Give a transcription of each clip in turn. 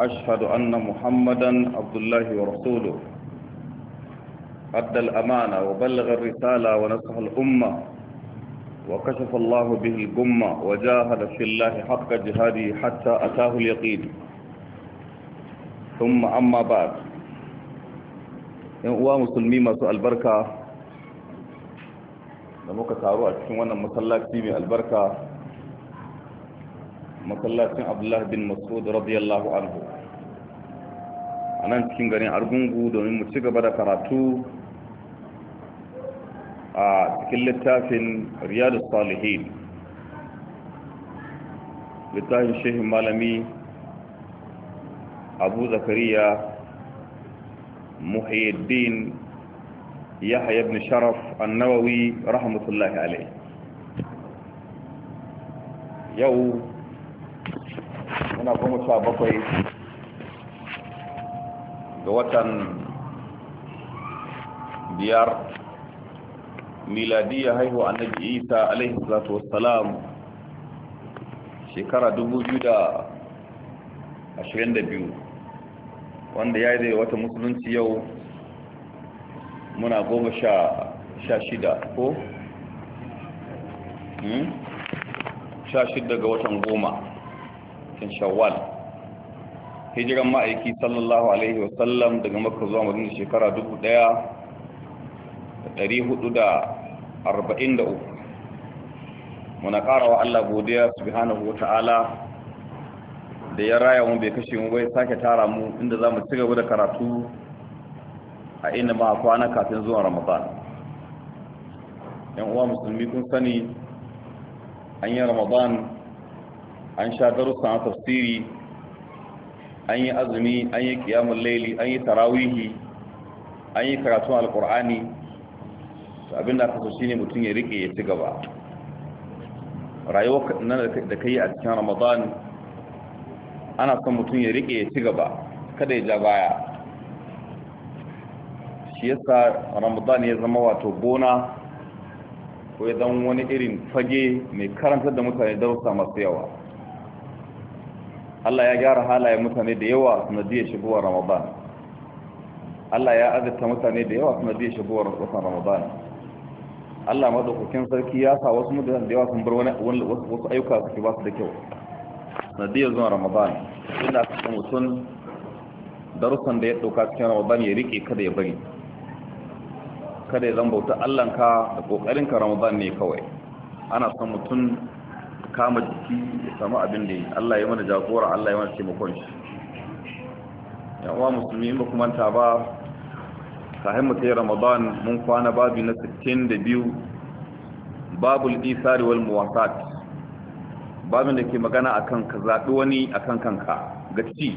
وأشهد أن محمدا عبد الله ورسوله أدى الأمانة وبلغ الرسالة ونصح الأمة وكشف الله به الجمة وجاهد في الله حق جهاده حتى أتاه اليقين ثم أما بعد ينقوى مسلمي مسوء البركة da muka taru a cikin wannan masallaci mai albarka masallacin abdullahi bin masud radiyallahu a nan cikin garin argungu domin mu ci gaba da karatu a cikin littafin riyadu salihin littafin shehin malami abu zakariya muhayyaddin yahya ibn sharaf annawawi rahmatullahi alai yau muna kuma sha bakwai ga watan biyar miladiyya haihu annabi isa alaihi salatu wassalam shekara biyu, wanda ya yi da wata musulunci yau muna goma sha shida ko? Hmm? sha shida ga watan goma kin shawal. hijiran ma'aiki sallallahu alaihi wasallam daga makka zuwa madina shekara dubu da da arba'in muna ƙara wa Allah godiya subhanahu wa ta'ala da ya raya mu bai kashe mu bai sake tara mu inda za mu cigaba da karatu a inda ma kwana kafin zuwa ramadan yan uwa musulmi kun sani an yi ramadan an sha darussan tafsiri an yi azumi an yi kiyamun laili an yi tarawihi an yi karatun alkur'ani to abin da kaso shi ne mutum ya rike ya ci gaba rayuwar nan da kai a cikin ramadan ana son mutum ya rike ya ci gaba kada ya ja baya shi yasa ramadan ya zama wato gona ko ya zama wani irin fage mai karanta da mutane darussa masu yawa Allah ya gyara halaye mutane da yawa sanadiyar shigowar Ramadan Allah ya azurta mutane da yawa sanadiyar shigowar watan Ramadan Allah madaukakin sarki ya sa wasu mutane da yawa sun bar wani wasu ayyuka suke ba su da kyau sanadiyar zuwa Ramadan suna aka mutum darussan da ya dauka cikin Ramadan ya riƙe kada ya bari kada ya zan bauta Allahnka da ƙoƙarinka Ramadan ne kawai ana son mutum kama jiki ya samu abin da yi Allah ya mana jagora Allah ya mana taimakon shi ya wa musulmi in ba kuma ta ba kafin mu kai Ramadan mun kwana babu na 62 babul isari wal muwasat babin da ke magana akan ka zaɓi wani akan kanka ga ci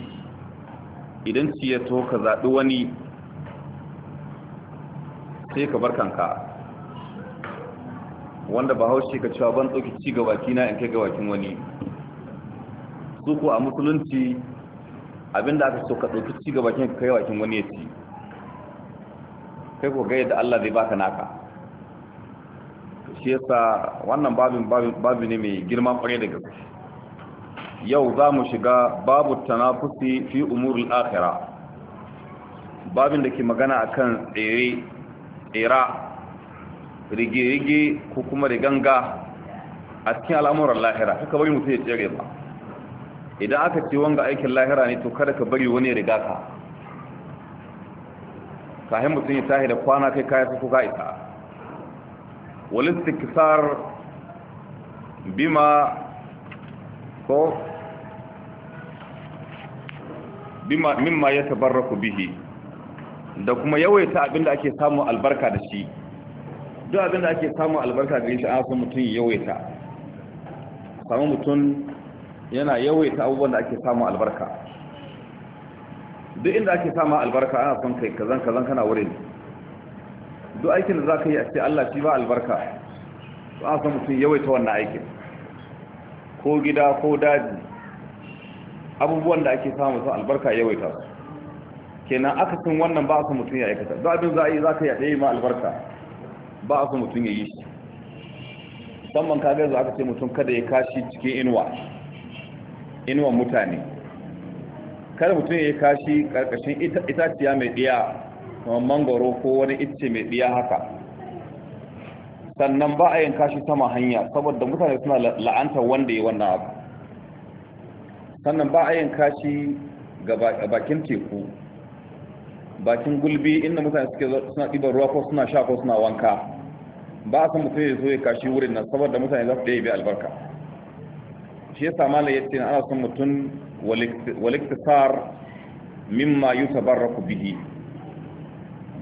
idan ci ya to ka zaɓi wani sai ka bar kanka wanda ba haushe ka cewa ban tsoki ci gabaki na in kai gabakin wani su ko a musulunci abinda aka so ka ɗauki ci gabakin ka kai gabakin wani ya ci kai ko ga yadda Allah zai baka naka shi yasa wannan babin babu ne mai girma kwarai da gaske yau za mu shiga babu tanafusi fi umurul akhirah babin da ke magana akan tsere tsera rige-rige ko kuma riganga a cikin al'amuran lahira haka bari mutum ya tsere ba idan aka ce wanga aikin lahira ne to kada ka bari wani riga ka sahi mutum ya tahi da kwana kai kayan su kuka isa walin kisar bima ko bima mimma ya tabarraku bihi da kuma yawaita abinda ake samun albarka da shi duk abin da ake samun albarka da shi an san mutum yawaita samun mutum yana yawaita abubuwan da ake samun albarka duk inda ake samun albarka ana son kai kazan kazan kana wurin duk aikin da za ka yi a ce Allah shi ba albarka to an san mutum yawaita wannan aikin ko gida ko daji abubuwan da ake samun su albarka yawaita kenan aka san wannan ba su mutum ya aikata duk abin za a yi za ka yi a ɗaya ma albarka ba a so mutum ya yi shi musamman kagar za aka ce mutum kada ya kashi cikin inuwa inuwan mutane kada mutum ya yi kashi karkashin itaciya mai ɗiya kamar mangoro ko wani itace mai ɗiya haka sannan ba a yin kashi sama hanya saboda mutane suna la'antar wanda ya wannan abu sannan ba a yin kashi ga bakin teku bakin gulbi inda mutane suke suna ɗiban ruwa ko suna sha ko suna wanka ba a san mutum ya zo ya kashi wurin nan saboda mutane za su ɗaya bi albarka shi yasa mala ya ana son mutum waliktisar mimma yutabarraku bihi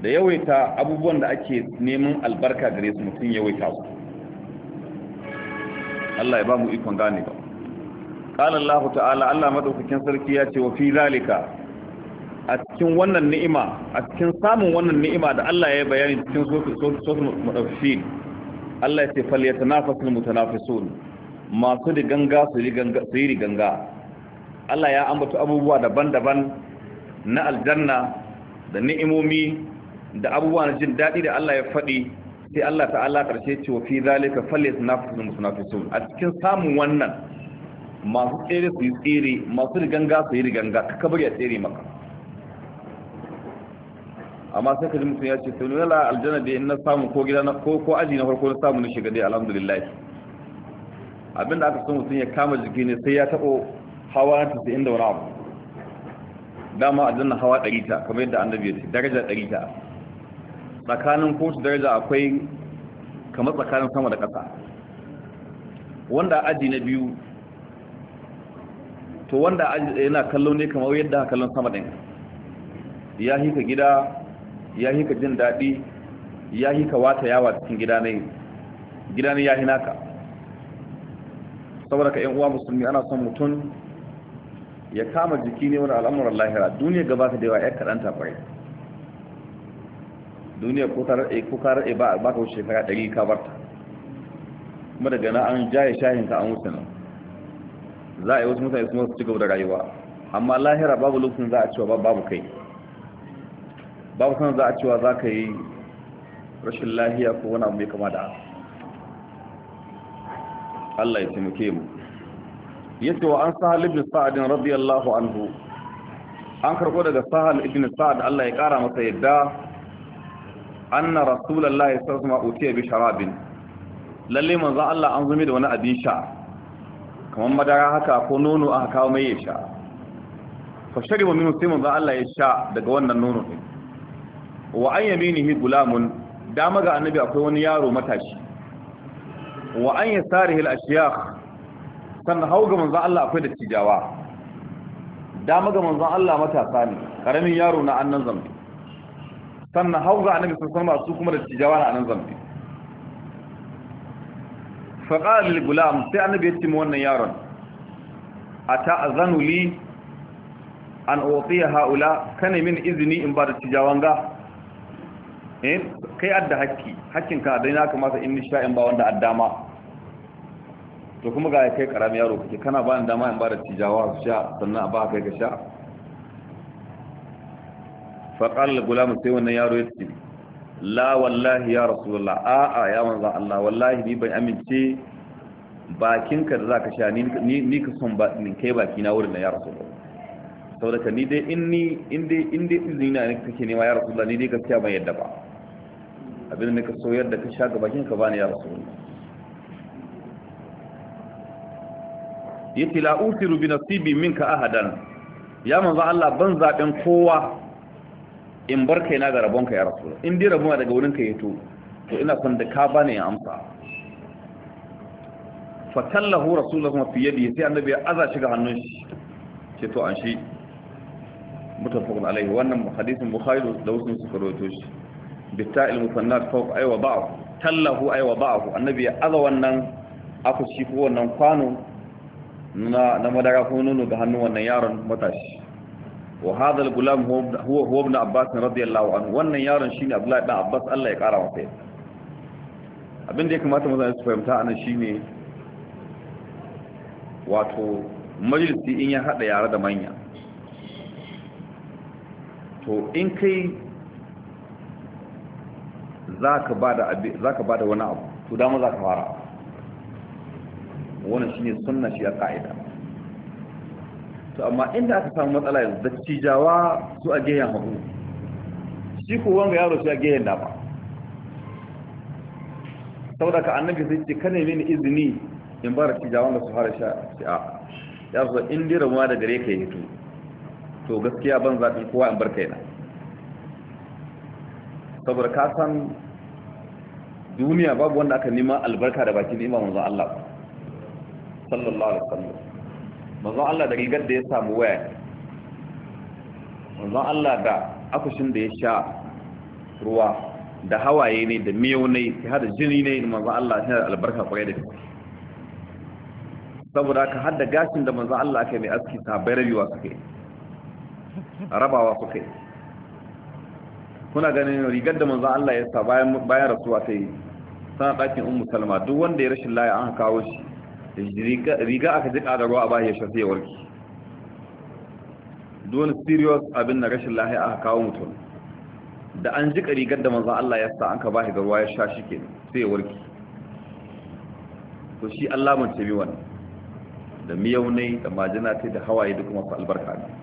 da yawaita abubuwan da ake neman albarka gare su mutum yawaita su Allah ya ba mu ikon gane ba qala Allah ta'ala Allah madaukakin sarki ya ce wa fi zalika a cikin wannan ni'ima a cikin samun wannan ni'ima da Allah ya bayani cikin sosu mutafifin Allah ya ce falyatanafasul mutanafisun masu ganga su yi ganga, Allah ya ambata abubuwa daban-daban na aljanna da ni'imomi da abubuwa na jin daɗi da Allah ya faɗi sai Allah ta'ala ƙarshe ce wa fi zalika falyatanafasul mutanafisun a cikin samun wannan masu tsere su yi tsere masu ganga su yi riganga ka bari a tsere maka amma sai ka ji mutum ya ce sai nuna aljanna da in na samu ko gida na ko ko aji na farko na samu na shiga dai alhamdulillah abinda aka so mutum ya kama jiki ne sai ya tabo hawa ta sai inda wani abu dama aljanna hawa 100 ta kamar yadda annabi ya ce daraja 100 ta tsakanin ko daraja akwai kamar tsakanin sama da ƙasa wanda aji na biyu to wanda yana kallon ne kamar yadda kallon sama din ya hika gida ya yi ka jin daɗi ya yi ka wata yawa cikin gidanai gidanai ya yi naka saboda ka yan uwa musulmi ana son mutum ya kama jiki ne wani al'amuran lahira duniya gaba ta dewa ya kaɗan tafai duniya ko karar ba ba ka wuce shekara ɗari ka barta kuma daga na an jaye shahin ka an wuce nan za a yi wasu mutane su ci gaba da rayuwa amma lahira babu lokacin za a cewa babu kai babu kan za a cewa za ka yi rashin lahiya ko wani abu mai kama da Allah ya taimake mu Ya ce wa an sahal ibn sa'adin? radiyallahu anhu an karbo daga sahal ibn sa'ad Allah ya kara masa yadda anna rasulullahi sallallahu alaihi wasallam utiya bi sharabin lalle manzo Allah an zumi da wani abin sha kamar madara haka ko nono aka kawo mai ya sha fa shariba min sai manzo Allah ya sha daga wannan nono din wa an yaminihi gulamun dama ga annabi akwai wani yaro matashi wa an yasarihi al-ashyakh sannan hau ga manzon Allah akwai dattijawa dama ga manzan Allah matasa ne ƙaramin yaro na annan zambe sannan hau ga annabi sun alaihi su kuma da cijawa na annan zambe fa qala lil gulam sai annabi ya ce wannan yaron ata'zanu li an ya haula kana min izini in ba da dattijawan ga in eh, kai adda hakki hakkin ka dai na kamata in nisha in ba wanda ma to kuma ga kai karamin yaro kake kana ba ni dama in ba da tijawa su sha sannan a ba kai ka sha qal gulam sai wannan yaro ya ce la wallahi ya rasulullah a ya manzo Allah wallahi ni ban amince bakinka da zaka sha ni ni ka son ba ni kai baki na wurin ya rasulullah saboda ni dai in ni in dai in dai izini na ne kake nema ya rasulullah ni dai gaskiya ban yadda ba abin da ka soyar da ka sha ga bakin ka bani ya rasulullah yace la usiru bi nasibi minka ahadan ya manzo Allah ban zaben kowa in bar kai ga rabon ya rasulullah in dai rabon daga wurin ka yato to ina son da ka bani ya amsa fatallahu rasulullah fi yadihi sai annabi ya aza shiga hannun shi ce to an shi mutafaqun alaihi wannan hadisin bukhari da wasu suka rawaito shi bitta'il musannat fawq ay wa ba'd tallahu aiwa wa ba'd annabi ya aza wannan akushi ko wannan kwano na na madara ko nono ga hannun wannan yaron matashi wa hadha al-gulam huwa huwa ibn abbas radiyallahu anhu wannan yaron shine abdullahi ibn abbas Allah ya kara masa abin da ya kamata mu zama su fahimta anan shine wato majalisi in ya hada yare da manya to in kai za ka ba da wani abu to dama za ka fara Wani shi ne suna shi a ƙa'ida to amma inda aka samu matsala yanzu da cijawa su a gehen hagu shi ko wanga yaro shi a gehen dama saboda ka annabi sai ce kane mini izini in ba da cijawan da su fara sha a ya zuwa in ramuwa ma da gare ka yi hito to gaskiya ban zafi kowa in bar kaina saboda ka san duniya babu wanda aka nima albarka da bakin ima manzon Allah sallallahu alaihi wasallam manzo Allah da rigar da ya samu waya manzo Allah da akushin da ya sha ruwa da hawaye ne da miyau ne ya hada jini ne manzo Allah ya da albarka kwarai da gaske saboda ka hada gashin da manzo Allah aka mai aski sabai rabiwa suke rabawa suke kuna ganin rigar da manzon Allah ya sa bayan bayan rasuwa sai sana ɗakin ummu salma duk wanda ya rashin laya an kawo shi riga aka ji da ruwa a bayan shi sai warki duk wani serious abin na rashin lahiya aka kawo mutum da an jika rigar da manzon Allah ya sa an ka bashi da ruwa ya sha shi ke sai warki to shi Allah mun ce mi wannan da miyaunai da majina ta da hawaye duk kuma albarka ne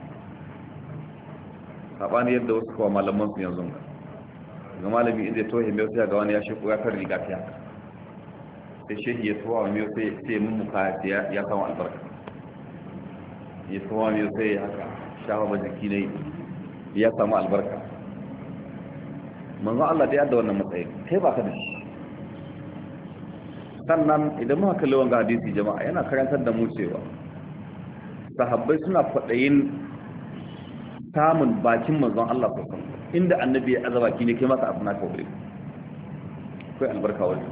sabani yadda wasu kawo malamansu yanzu ga malami inda ya tohe mai ya ga wani ya sheku ya kar riga ta yaka sai shehi ya towa mai ya sai mun muka ya samu albarka ya towa mai ya haka shafa ba jiki na ya samu albarka manzan Allah da yadda wannan matsayi kai ba ka da shi sannan idan muka kalli wanga hadisi jama'a yana karantar da mu cewa sahabbai suna faɗayin samun bakin manzon Allah ko inda annabi ya azaba ki ne kai masa abuna ka wuri kai albarka wani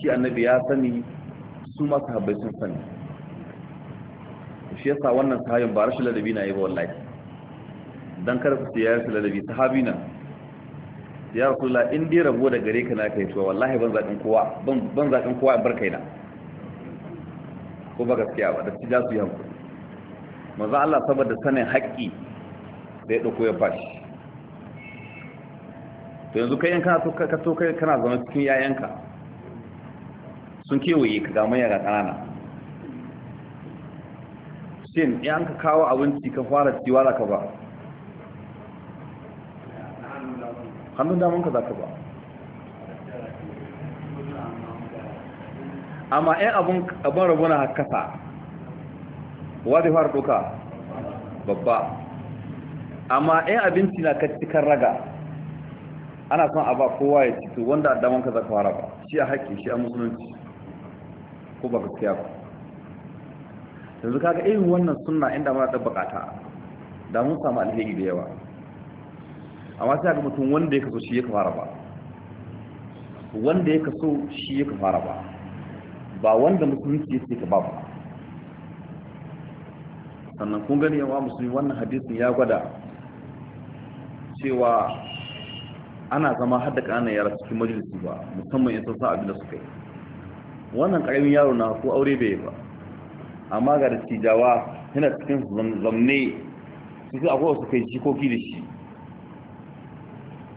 shi annabi ya sani su ma sahabbai sun sani shi yasa wannan sahabin ba rashin ladabi na yi ba wallahi dan kar su ya rashin ladabi sahabi na ya rasulullah in dai rabuwa da gare ka na kai to wallahi ban zakin kowa ban ban zakin kowa in barkai na ko ba gaskiya ba da su ja su yi hankali manzo Allah saboda sanin haƙƙi da ya ɗauko ya bashi to yanzu kai kana so ka so kai kana zama cikin yayanka sun kewaye ka ga manya ga ƙanana shin yan ka kawo abinci ka fara ciwa da ka ba hannun ka za ka ba amma yan abin rabu na kasa wadda fara ɗoka babba amma ɗan abinci na ka cikin raga ana son a ba kowa ya ci wanda a damanka za ka fara ba shi a haƙƙi shi a musulunci ko ba gaskiya ba yanzu kaga irin wannan suna inda mara da bukata da mun samu alheri da yawa amma sai ga mutum wanda ya kaso shi ya fara ba wanda ya kaso shi ya fara ba ba wanda musulunci yake ka ba ba sannan kun gani yawa musulmi wannan hadisin ya gwada cewa ana zama har da ƙananan yara cikin majalisi ba musamman in sun sa abin da suka yi wannan ƙaramin yaro na ko aure bai yi ba amma ga da cijawa yana cikin zamne su sai akwai wasu kai jikoki da shi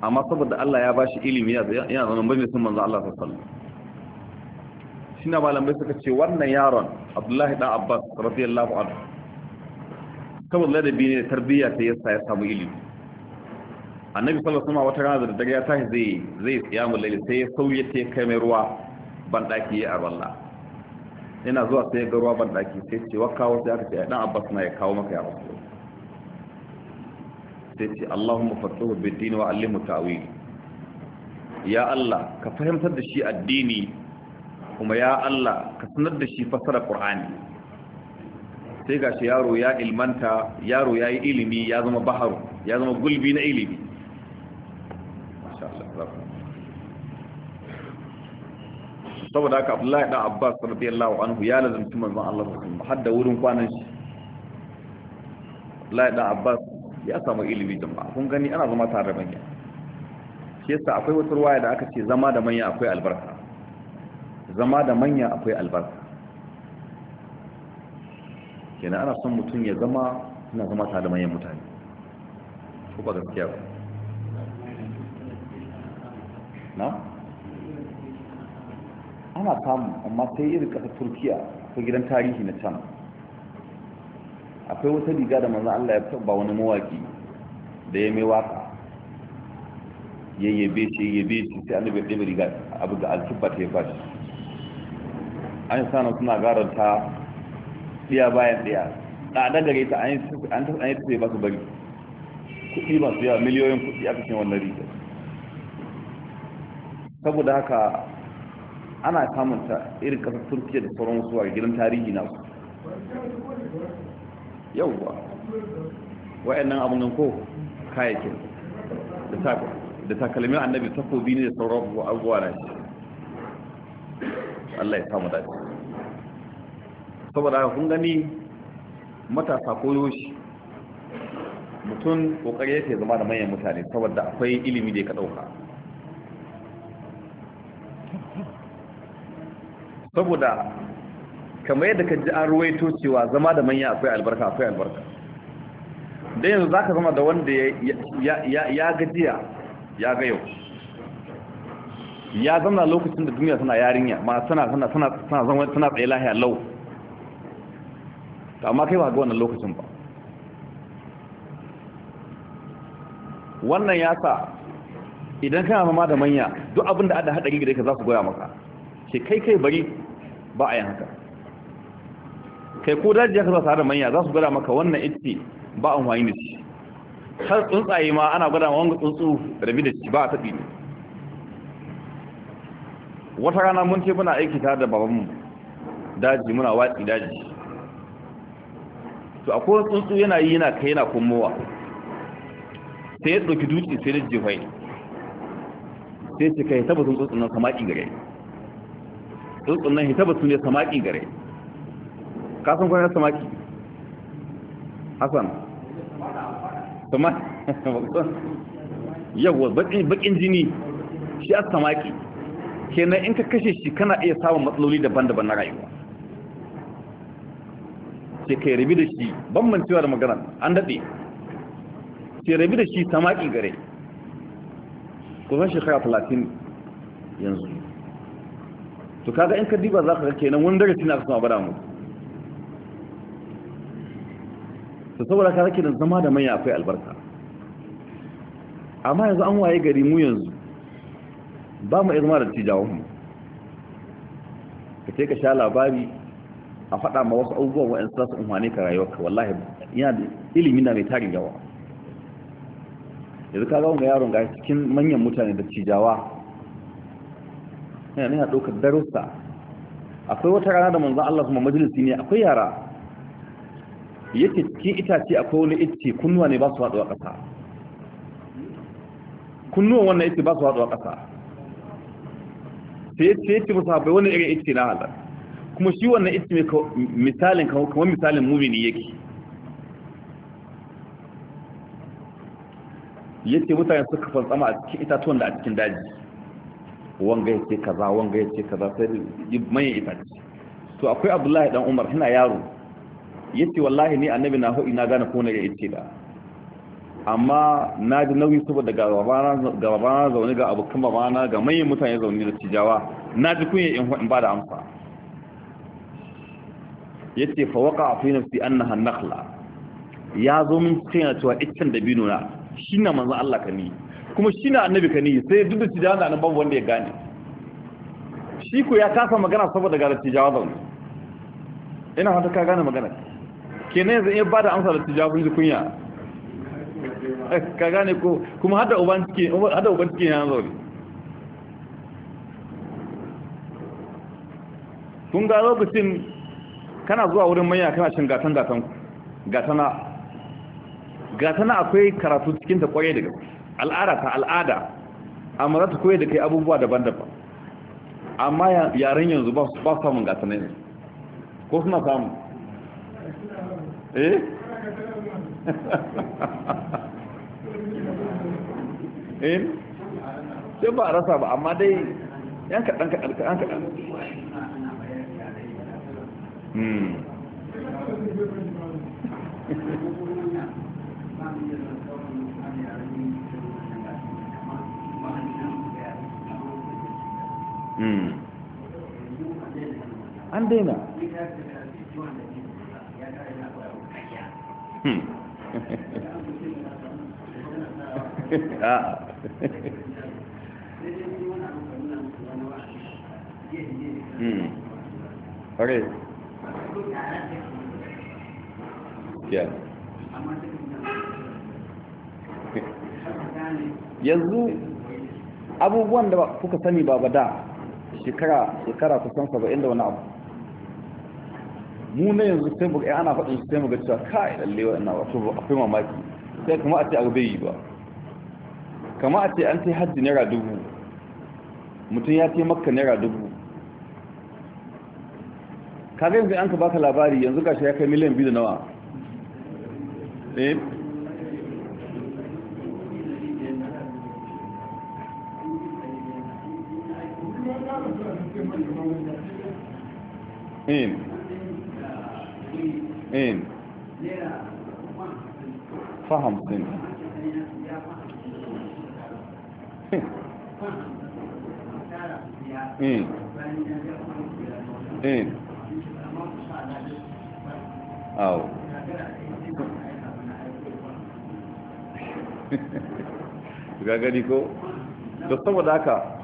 amma saboda Allah ya bashi ilimi yana zama majalisin manzo Allah sallallahu alaihi wasallam shine malamai suka ce wannan yaron Abdullahi dan Abbas radiyallahu anhu saboda ladabi ne da tarbiyya ta yasa ya samu ilimi annabi sallallahu alaihi wasallam wata rana da dare ya tashi zai zai mu laili sai ya sauye sai kai mai ruwa ban daki ya arwalla ina zuwa sai ga ruwa ban daki sai ce wa kawo sai aka ce dan abbas na ya kawo maka ya rasul sai ce allahumma fatuhu bid-din wa allimhu ta'wil ya allah ka fahimtar da shi addini kuma ya allah ka sanar da shi fasara qur'ani sai gashi yaro ya ilmanta yaro ya yi ilimi ya zama baharu ya zama gulbi na ilimi saboda haka Abdullahi dan Abbas radiyallahu anhu ya lazumta manzon Allah musulmi har da wurin kwanan shi Abdullahi dan Abbas ya samu ilimi jama'a kun gani ana zama tare da manya shi yasa akwai wata ruwaya da aka ce zama da manya akwai albarka zama da manya akwai albarka kenan ana son mutum ya zama ina zama tare da manyan mutane ko ba gaskiya ba na ana samu amma sai irin kasar turkiya ko gidan tarihi na can akwai wata riga da manzan allah ya ba wani mawaki da ya mai waka yayyabe shi yayyabe shi sai annabi ya ɗaya riga abu da alkibba ta ya fashi an yi sanar suna garanta ɗiya bayan ɗiya a gare ta an yi tafiye ba su bari kuɗi masu yawa miliyoyin kuɗi aka cikin wannan rigar saboda haka ana kamunta irin kasar turkiya da sauran wasu a gidan tarihi na su yau ba wa'annan abin ko kayakin da takalmin annabi takobi ne da sauran abubuwa na shi Allah ya samu dace saboda kun gani matasa ko yoshi mutum kokari yake zama da manyan mutane saboda akwai ilimi da ya ka dauka saboda kamar yadda ka ji an ruwaito cewa zama da manya akwai albarka akwai albarka da yanzu za ka zama da wanda ya gajiya ya ga yau ya zama lokacin da duniya suna yarinya ma suna suna tsaye lahiya lau amma kai ba ga wannan lokacin ba wannan ya sa idan kana zama da manya duk abin da ada hadari gida ka za su goya maka ce kai kai bari ba a yi haka kai ko daji ka za da manya za su gwada maka wannan itti ba an wani shi har tsuntsaye ma ana gwada wanga tsuntsu rabi da shi ba a taɓi ne wata rana mun ce muna aiki tare da babanmu daji muna watsi daji to akwai tsuntsu yana yi yana kai yana komowa sai ya ɗauki dutse sai da jihai sai ce kai tabbatin tsuntsu na kama ingare gare tsuntsun nan hita batu ne samaki gare kasan kwanar samaki hassan samaki yawwa bakin jini shi a samaki kenan in ka kashe shi kana iya samun matsaloli daban-daban na rayuwa ce kai rabi da shi banbancewa da magana an daɗe ce rabi da shi samaki gare kusan shekara talatin yanzu to kaga in ka diba za ka ga kenan wani darasi na kasuwa bada mu to saboda ka rake da zama da manya akwai albarka amma yanzu an waye gari mu yanzu ba mu izma da tijawan mu ka ce ka sha labari a faɗa ma wasu abubuwan wa'ansu za su umarni ka rayuwarka wallahi yana da ilimi na mai tarin yawa yanzu ka ga zaunga yaron ga cikin manyan mutane da cijawa yana nuna ɗaukar darussa akwai wata rana da manzan Allah kuma majalisi ne akwai yara yake cikin itace akwai wani itace kunnuwa ne ba su haɗuwa ƙasa kunnuwan wannan itace ba su haɗuwa ƙasa sai yace yace musu haɓe wani irin itace na halar kuma shi wannan itace misalin kamar misalin mumini yake yace mutane suka fansama a cikin itatuwan da a cikin daji wanga ya ce kaza wanga ya ce kaza sai manyan itace to akwai abdullahi dan umar ina yaro ya ce wallahi ni annabi na ho'i na gane kone ga ice da amma na ji nauyi saboda ga babana zaune ga abokan babana ga manyan mutane zaune da cijawa na ji kunya in ba da amsa ya ce fawaka a fi nafsi an nahan nakhla ya zo min cikin cewa iccen dabino na shi na manzan Allah ka ni kuma shi na annabi kani sai duk da tijawa da nan babu wanda ya gane shi ku ya kasa magana saboda ga da tijawa zaune ina fata ka gane magana kenan yanzu in ba da amsa da tijawa kun ji kunya eh, ka gane ko kuma hada uban cikin hada yana zaune kun ga lokacin kana zuwa wurin manya kana shin gatan gatan gatana gatana akwai karatu cikin ta kwaye daga gaske al'ada ta al'ada amma za ta koyar da kai abubuwa daban-daban amma yaren yanzu ba su samun gasa ne ko suna samu eh eh sai ba a rasa ba amma dai yan kaɗan kaɗan kaɗan kaɗan hmm. Hmm. an daina hmm. ah. hmm. yanzu abubuwan da kuka sani ba ba da shekara shekara kusan 70 da wani abu mu ne yanzu sai buga ana faɗin su sai mu ga cewa kai ina wasu wato akwai mamaki sai kuma a ce abu bai yi ba kama a ce an sai hajji naira dubu mutum ya ce makka naira dubu kaga yanzu an ka baka labari yanzu gashi ya kai miliyan biyu da nawa eh? in in faham din in in aw ga gani ko da saboda haka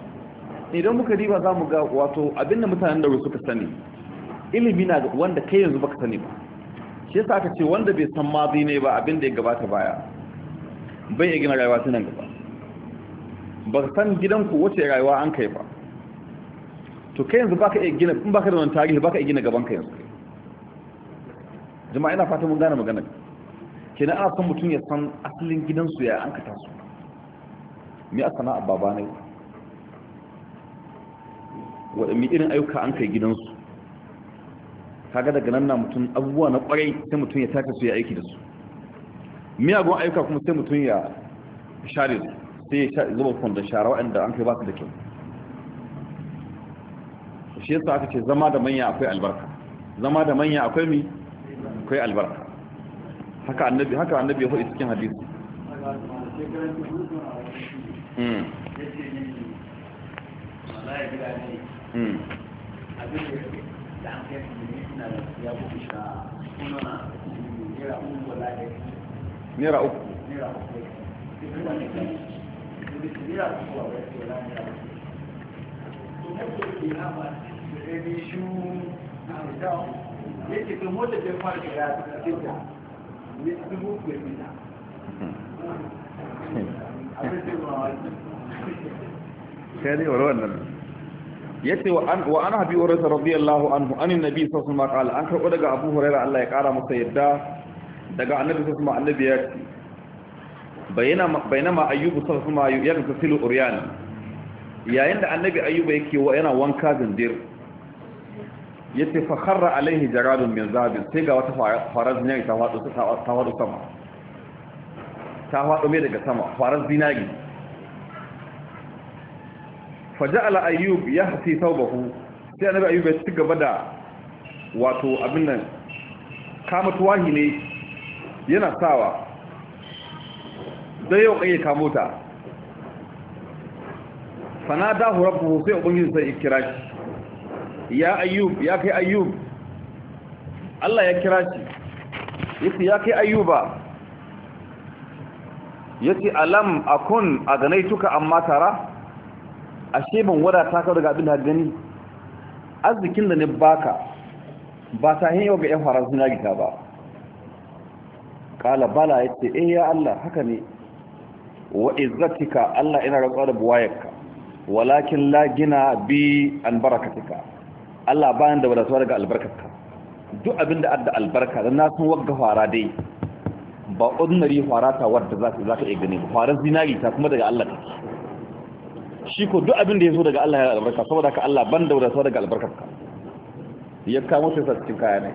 idan muka riba za mu ga wato abinda mutanen da suka sani ilimi na wanda kai yanzu baka sani ba shi yasa aka ce wanda bai san zai ne ba abinda ya gabata baya bai ya gina rayuwa tunan gaba ba ka san gidanku wace rayuwa an kai ba to kai yanzu baka iya gina in baka da wani tarihi baka iya gina gaban ka yanzu jama'a ina fata mun gane magana kenan ana san mutum ya san asalin gidansu ya an ka su. me a sana'a baba ne waɗanne irin ayyuka an kai gidansu kaga daga nan na mutum abubuwa na kwarai sai mutum ya taka su ya aiki da su miyagun ayyuka kuma sai mutum ya share su sai ya zuba kwandon shara waɗanda an kai ba su da kyau shi yasa aka ce zama da manya akwai albarka zama da manya akwai mi akwai albarka haka annabi haka annabi ya faɗi cikin hadisi Mm. Hmm. naira uku hmm. sai dai wani wannan yace wa an wa ana bi urayra radiyallahu anhu anin nabi sallallahu alaihi wasallam an karbo daga abu hurairah Allah ya kara masa yadda daga annabi sallallahu alaihi annabi ya ce bainama ma ayyubu sallallahu alaihi wasallam yaghsilu uryan yayin da annabi ayyuba yake wa yana wanka zindir yace fa kharra alaihi jaradun min zabin sai ga wata farar zinari ta wado ta wado sama ta wado mai daga sama farar zinari faja'ala ayyub ya hasi saubahu sai annabi ayyub ya ci gaba da wato abin nan kama tuwahi ne yana sawa don yau kai kamo ta fana dahu rabbuhu sai ubangiji sai kira shi ya ayyub ya kai ayyub Allah ya kira shi yace ya kai ayyuba yace alam akun aganaituka amma tara ashe ban ta kawo daga abin da gani arzikin da ni baka ba ta yau ga 'yan fara suna gita ba kala bala ya ce eh ya Allah haka ne wa izzatika Allah ina rantsuwa da buwayarka walakin la gina bi an barakatika Allah bayan da wadatuwa daga albarkarka duk abin da adda albarka da na sun wagga fara dai ba ordinary fara ta wadda za ka iya gani fara zinari ta kuma daga Allah take shi ko duk abin da ya zo daga Allah ya albarka saboda ka Allah ban da wadatuwa daga ka ya kamo sai sa cikin kaya ne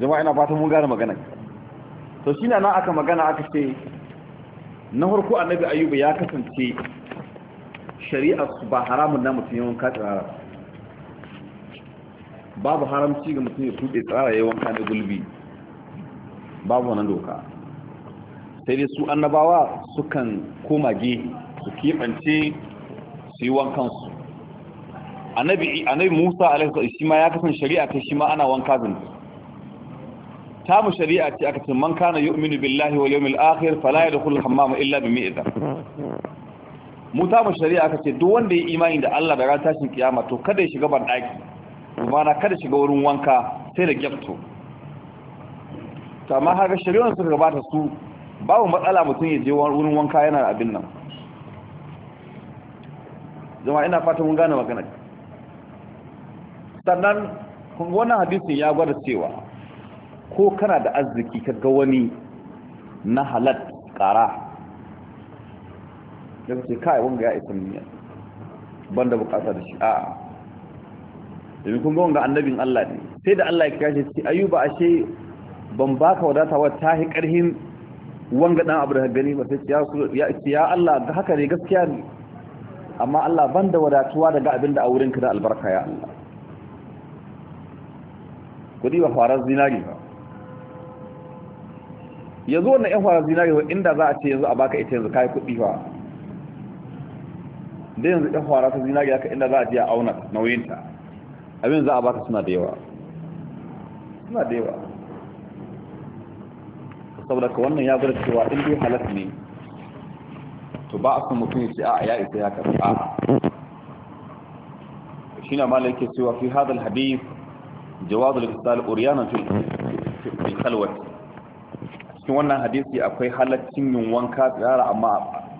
jama'a ina fata mun gane magana to shi na aka magana aka ce na harko annabi ayyuba ya kasance shari'ar su ba haramun na mutum yawan ka rara babu haramci ga mutum ya tuɗe tsara yawan ka gulbi babu wannan doka sai dai su annabawa sukan koma ge su keɓance su yi wankansu annabi musa alaihi shi ma ya kasan shari'a ta shi ma ana wanka zin ta mu shari'a ce aka ce man kana yu'minu billahi wal yawmil akhir fala yadkhul hammama illa bi mi'za mu ta mu shari'a aka ce duk wanda ya imani da Allah da ran tashin kiyama to kada ya shiga bandaki kuma na kada shiga wurin wanka sai da gyafto ta ma haka shari'a suka gabata su babu matsala mutum ya je wurin wanka yana abin nan zama ina fata mun gane magana sannan wannan hadisin ya gwada cewa ko kana da arziki ka ga wani na halat kara da ce kai wanga ya isa niyya banda bukata da shi a domin kun ga wanga annabin Allah ne sai da Allah ya kashe shi ayuba ashe ban baka wadata wa tahi karhin wanga dan abu da gani ba sai ya ya Allah ga haka ne gaskiya ne amma Allah banda wadatuwa daga abin da a wurin ka da albarka ya Allah kudi ba fara zinari ba yanzu wannan yan fara zinari wa inda za a ce yanzu a baka ita yanzu kai kudi ba da yanzu yan farar ta zinari haka inda za a ji a auna nauyinta abin za a baka suna da yawa suna da yawa saboda ka wannan ya zara cewa in dai halas ne to ba a san mutum ya ce a ya isa ya karɓa shi na malai ke cewa fi hadal hadith jawazul istal uriyana fi khalwat cikin wannan hadisi akwai halaccin yin wanka tsara amma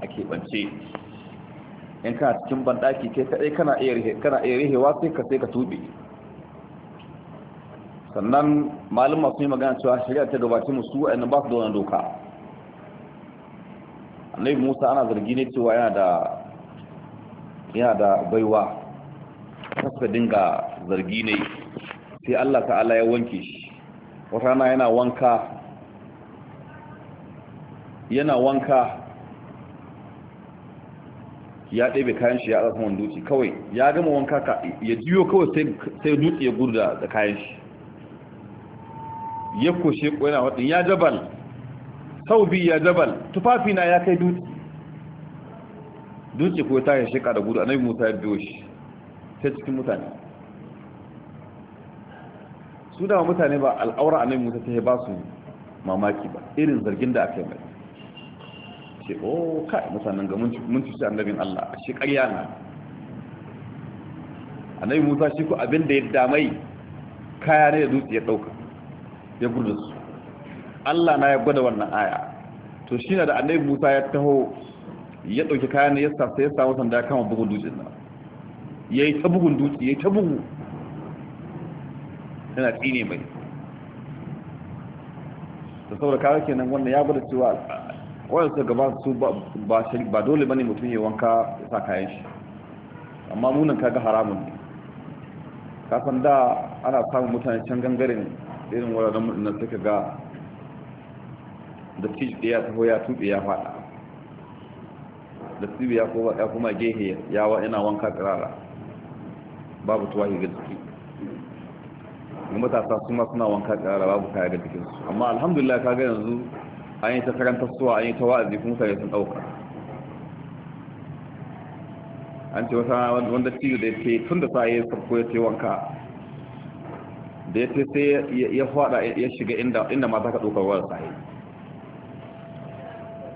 a keɓance in kana cikin banɗaki kai kaɗai kana iya rihewa sai ka sai ka tuɓe sannan malum masu yi magana cewa shirya ta gabace musu a ba su da wani doka yi musa ana zargi ne cewa yana da baiwa ta dinga zargi ne sai allah ta'ala ya wanke shi wata rana yana wanka yana wanka ya ɗebe kayan shi ya ɗasa wani duci kawai ya gama wanka ya jiyo kawai sai dutse ya gudu da kayan shi ya koshe ƙwena waɗin ya jabal sau biyu ya jabal tufafina ya kai dutse dutse ko ta yashe da gudu annabi musa ya biyo shi ta cikin mutane su da mutane ba al'aura annabi musa ta ba su mamaki ba irin zargin da aka yi mai ce o oh, kai mutanen ga mun ci annabin allah shi ƙarya na annabi musa shi ko abin da ya damai kaya ne da dutse ya ɗauka ya gudu su Allah na ya gwada wannan aya to shi da annabi Musa ya taho ya ɗauki kayan ya sasa ya samu sanda kama bugun dutsen nan ya yi ta bugun dutse ya yi ta bugu yana tsine mai da saboda kawai kenan wannan ya gwada cewa wannan suka gaba su ba dole bane mutum ya wanka ya sa kayan shi amma munan kaga haramun ne kafin da ana samun mutane can gangare ne. irin wuraren mutunan suka ga da da ya taho ya tuɓe ya faɗa da tuɓe ya kuma ya kuma gehe yawa ina wanka tsirara babu tuwahi ga jiki yi matasa su ma suna wanka tsirara babu kaya ga jikinsu amma alhamdulillah ka ga yanzu an yi ta karanta suwa an yi ta wa'azi kuma mutane sun ɗauka an ce wata wanda ciwo da ya ce tun da sa ya yi sabko ya ce wanka da ya sai ya fada ya shiga inda mata ka ɗaukar ruwa da sahi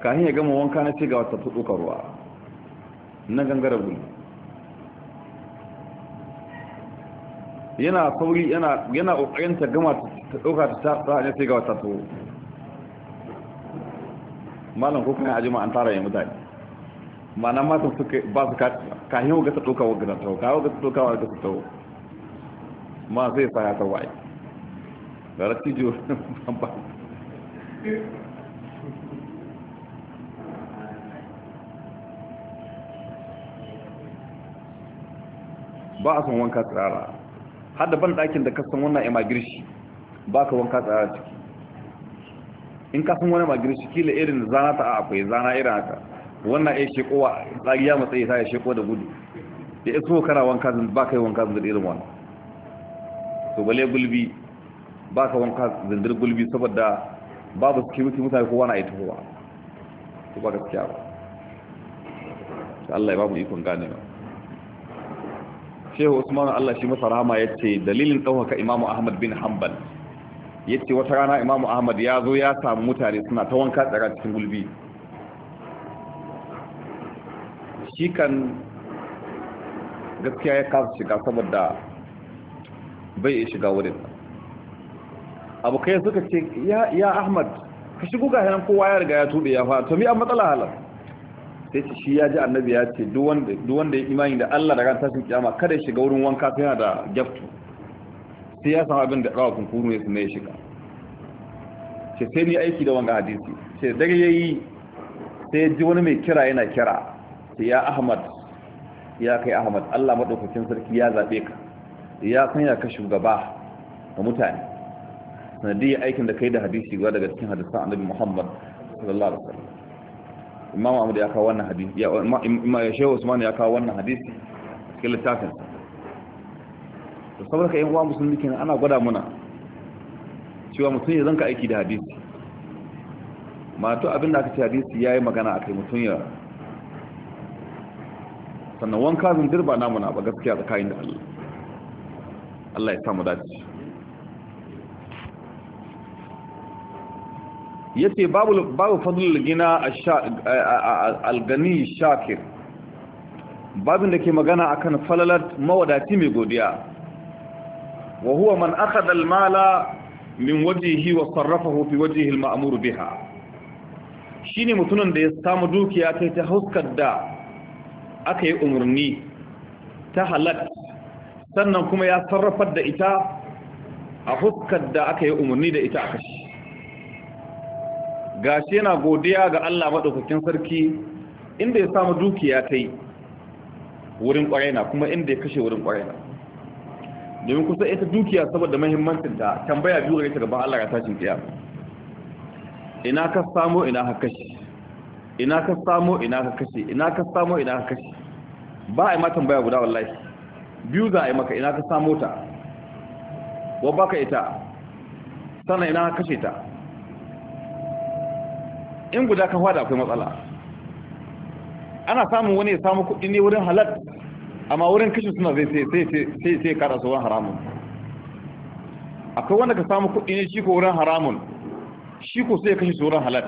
kahin ya gama wanka na ce ga wata ɗaukar ruwa na gangara guri yana sauri yana ƙoƙarin ta gama ta ɗauka ta ta ne sai ga wata to malam ko kuma ajima an tara ya mutane ma'ana matan suka ba su kahin waga ta ɗauka waga ta ɗauka ga ta ɗauka waga ta ma zai tsaya ta waye da rattijo ba ba a san wanka tsirara hada ban ɗakin da ka san wannan ima girshi ba ka wanka tsirara ciki in ka san wani ma girshi kila irin zana ta akwai zana irin haka wannan ya shekowa tsariya matsayi ta ya shekowa da gudu ya iso kana wanka ba ka yi wanka da irin wannan to bale gulbi ba ka wanka zindir gulbi saboda babu security mutane kowa na yi kowa to ba gaskiya ba Allah ya ba mu ikon gane ba Shehu Usman Allah shi masa rahama yace dalilin dauka Imam Ahmad bin Hanbal yace wata rana Imam Ahmad ya zo ya samu mutane suna ta wanka tsara cikin gulbi shi kan gaskiya ya kasa shiga saboda bai iya shiga wurin abokai suka ce ya ahmad ka shigo ga hannun kowa ya riga ya tuɗe ya fara. to mi an matsala halar sai ce shi ya ji annabi ya ce duwanda ya imani da allah da ran tashin kyama kada ya shiga wurin wanka sai yana da gyaftu sai ya san abin da rawa kuru ne sannan ya shiga ce sai ni aiki da wanga hadisi ce daga ya yi sai ji wani mai kira yana kira sai ya ahmad ya kai ahmad allah maɗaukacin sarki ya zaɓe ka ya sanya ka shugaba ga mutane sanadiyyar aikin da kai da hadisi guda daga cikin hadisan annabi muhammad sallallahu alaihi wasallam imam ahmad ya kawo wannan hadisi ya imam shehu usman ya kawo wannan hadisi cikin littafin to saboda kai uwa musulmi kenan ana gwada muna cewa mutum ya zanka aiki da hadisi mato abin da aka ce hadisi yayi magana akai mutum ya sannan wanka zundir dirba namuna ba gaskiya tsakanin da Allah Allah ya samu dace yace babu babu fadlul gina al-gani shakir babin da ke magana akan falalat mawadati mai godiya wa huwa man akhadha al-mala min wajhihi wa sarrafahu fi wajhihi al-ma'mur biha shine mutumin da ya samu dukiya ta ta huskar da aka yi umarni ta halatta sannan kuma ya sarrafar da ita a fuskar da aka yi umarni da ita a kashi gashi yana godiya ga Allah maɗaukakin sarki inda ya samu dukiya ta yi wurin ƙwarena kuma inda ya kashe wurin ƙwarena domin kusa ita dukiya saboda mahimmancin ta tambaya biyu gare ta gaban Allah ya tashin kiyama ina ka samo ina ka kashe ina ka samo ina ka kashe ina ka samo ina ka kashe ba a yi ma tambaya guda wallahi biyu za a yi maka ina ka samu ta wa baka ita sannan ina ka kashe ta in guda ka fada akwai matsala ana samun wani ya samu kuɗi ne wurin halar amma wurin kashe suna zai sai sai kada su wurin haramun akwai wanda ka samu kuɗi ne shi ko wurin haramun shi ko sai ya kashe su wurin halar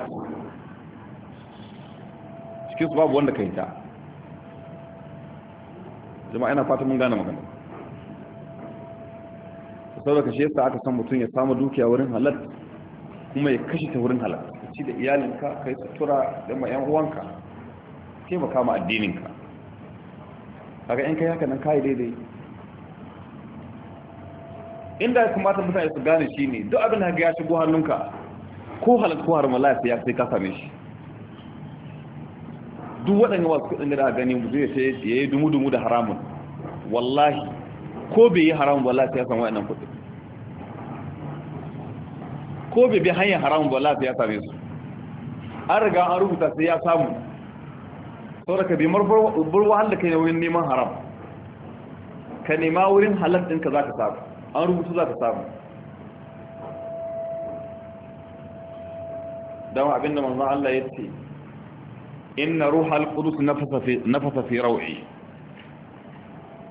cikin su babu wanda ka yi ta jama'a ina fata mun gane magana saboda shi yasa aka san mutum ya samu dukiya wurin halal kuma ya kashe ta wurin halal shi da iyalinka ka yi sutura da mai 'yan uwanka baka ma addininka kaga in kai haka nan kai daidai inda ya kamata mutane su gane shi ne duk abin da ya shigo hannunka ko halal ko haram wallahi ya sai ka same shi duk waɗanda masu kuɗin da gani mutum ya sai ya yi dumu-dumu da haramun wallahi ko bai yi haramun ba lafiya san waɗannan kuɗin ko bai bi hanyar haramun ba lafiya ya same su an riga an rubuta sai ya samu sau da ka bi marbar wahal da ka yi wurin neman haram ka nema wurin halar ɗinka za ka samu an rubutu za ka samu don abinda manzan Allah ya ce inna ruhal qudus nafasa fi raw'i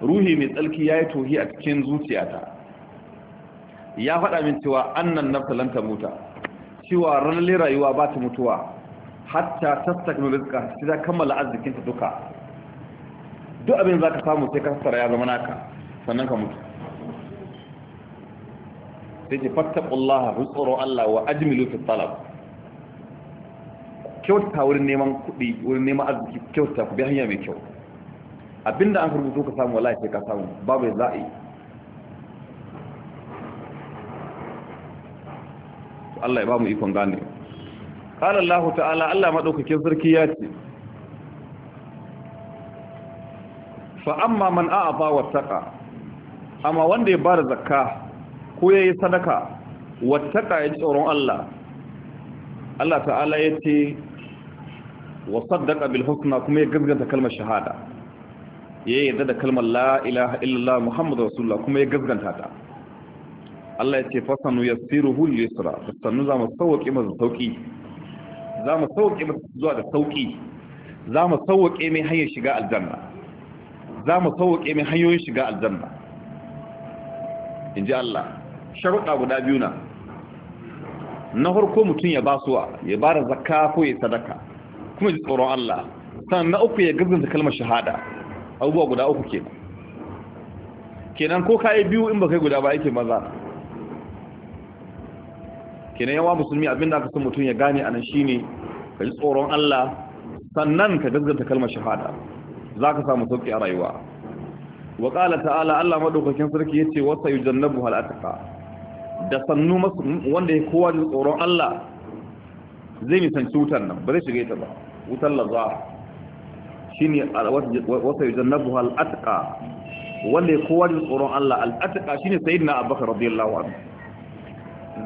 ruhi mai tsalki yayi tohi a cikin zuciyata ya faɗa min cewa annan nafsa lan tamuta cewa ranar rayuwa ba ta mutuwa hatta tastakmilu rizqa sai ta kammala arzikinta duka duk abin zaka samu sai ka tsara ya zama naka sannan ka mutu sai ce fattaqullaha tsoro Allah wa ajmilu fi talab kyauta wurin neman kuɗi wurin neman arziki kyauta ku bi hanya mai kyau abinda an rubuto ka samu wallahi sai ka samu babu za zaa yi Allah ya ba mu ikon gane qala Allah ta'ala Allah madaukakin sarki ya ce fa amma man a'ata taqa amma wanda ya bada zakka ko yayi sadaka taqa ya ji tsoron Allah Allah ta'ala ya ce wa saddaqa bil husna kuma ya gazganta kalmar shahada ya yarda da kalmar la ilaha illallah muhammadur rasulullah kuma ya gazganta ta Allah ya ce fasanu yassiruhu lil yusra fasanu za mu sauke masa sauki za mu sauke masa zuwa da sauki za mu sauke mai hanyar shiga aljanna za mu sauke mai hanyoyin shiga aljanna inji Allah sharuɗa guda biyu na na farko mutum ya basuwa ya bada zakka ko ya sadaka kuma ji tsoron Allah sannan na uku ya gazzanta kalmar shahada abubuwa guda uku ke kenan ko ka yi biyu in ba kai guda ba yake maza kenan yawa musulmi abinda aka san mutum ya gane anan shine ka ji tsoron Allah sannan ka gazzanta kalmar shahada za ka samu sauki a rayuwa wa ƙala ta'ala Allah maɗaukakin sarki ya ce wasa yi jannabu hal'ataka da sannu wanda ya kowa ji tsoron Allah zai nisanci wutan nan ba zai shiga ita ba wutar lazara shi ne wata yujan na buhal atika wanda ya kowa jin tsoron Allah al'atika shi ne sayi na abubakar radiyallahu anhu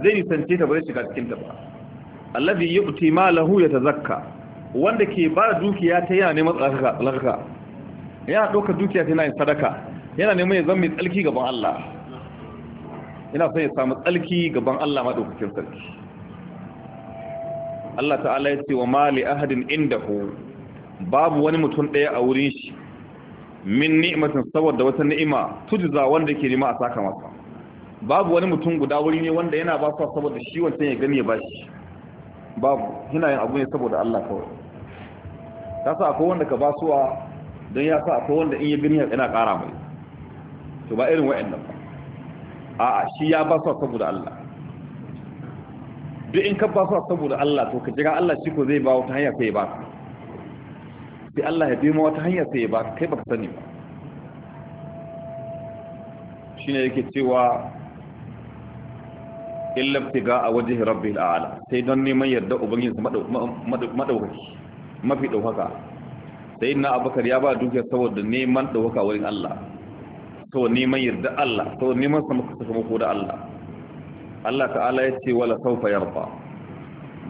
zai nisance ta bari shiga cikin ta ba lahu ya ta yatazakka wanda ke ba da dukiya ta yana neman tsarkaka yana ɗaukar dukiya ta yana yin sadaka yana neman ya zama mai tsalki gaban Allah yana son ya samu tsalki gaban Allah madaukakin sarki Allah ta'ala ya ce wa mali ahadin indahu babu wani mutum ɗaya a wurin shi min ni'matin saboda wata ni'ima tujza wanda ke nima a saka masa babu wani mutum guda wuri ne wanda yana ba su saboda shi wancan ya gani ya bashi babu yana yin abu ne saboda Allah kawai ta sa akwai wanda ka ba suwa don ya sa akwai wanda in ya gani yana ƙara mai to ba irin wa'annan ba a'a shi ya ba su saboda Allah duk in ka ba su saboda Allah to ka jira Allah shi ko zai ba wata hanya sai ba sai Allah ya bi ma wata hanya sai ba kai baka sani ba shine yake cewa illa tiga a wajhi rabbil a'la sai don neman yarda sa madaukaki mafi dauka sai na abakar ya ba dukiya saboda neman dauka wurin Allah to neman yarda Allah to neman ko da Allah Allah ta'ala ya ce wala saufa yarda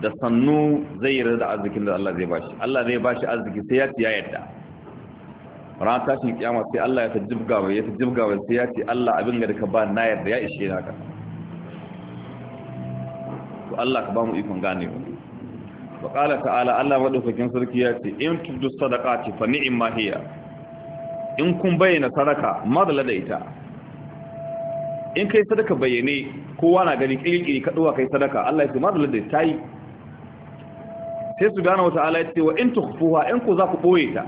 da sannu zai yarda da arzikin da Allah zai bashi Allah zai bashi arziki sai ya ce ya yarda ran tashin kiyama sai Allah ya tajibga mai ya tajibga mai sai ya ce Allah abin da ka ba na yarda ya ishe naka to Allah ka ba mu ikon gane ku wa qala ta'ala Allah madaukakin sarki ya ce in tubdu sadaqati fa ni'ma hiya in kun bayyana sadaka madalla da ita in kai sadaka bayyane kowa na gani kirkiri ka duwa kai sadaka Allah ya ce ma da tayi sai su gane wata ala ya ce wa in tukhfuha in ku za ku boye ta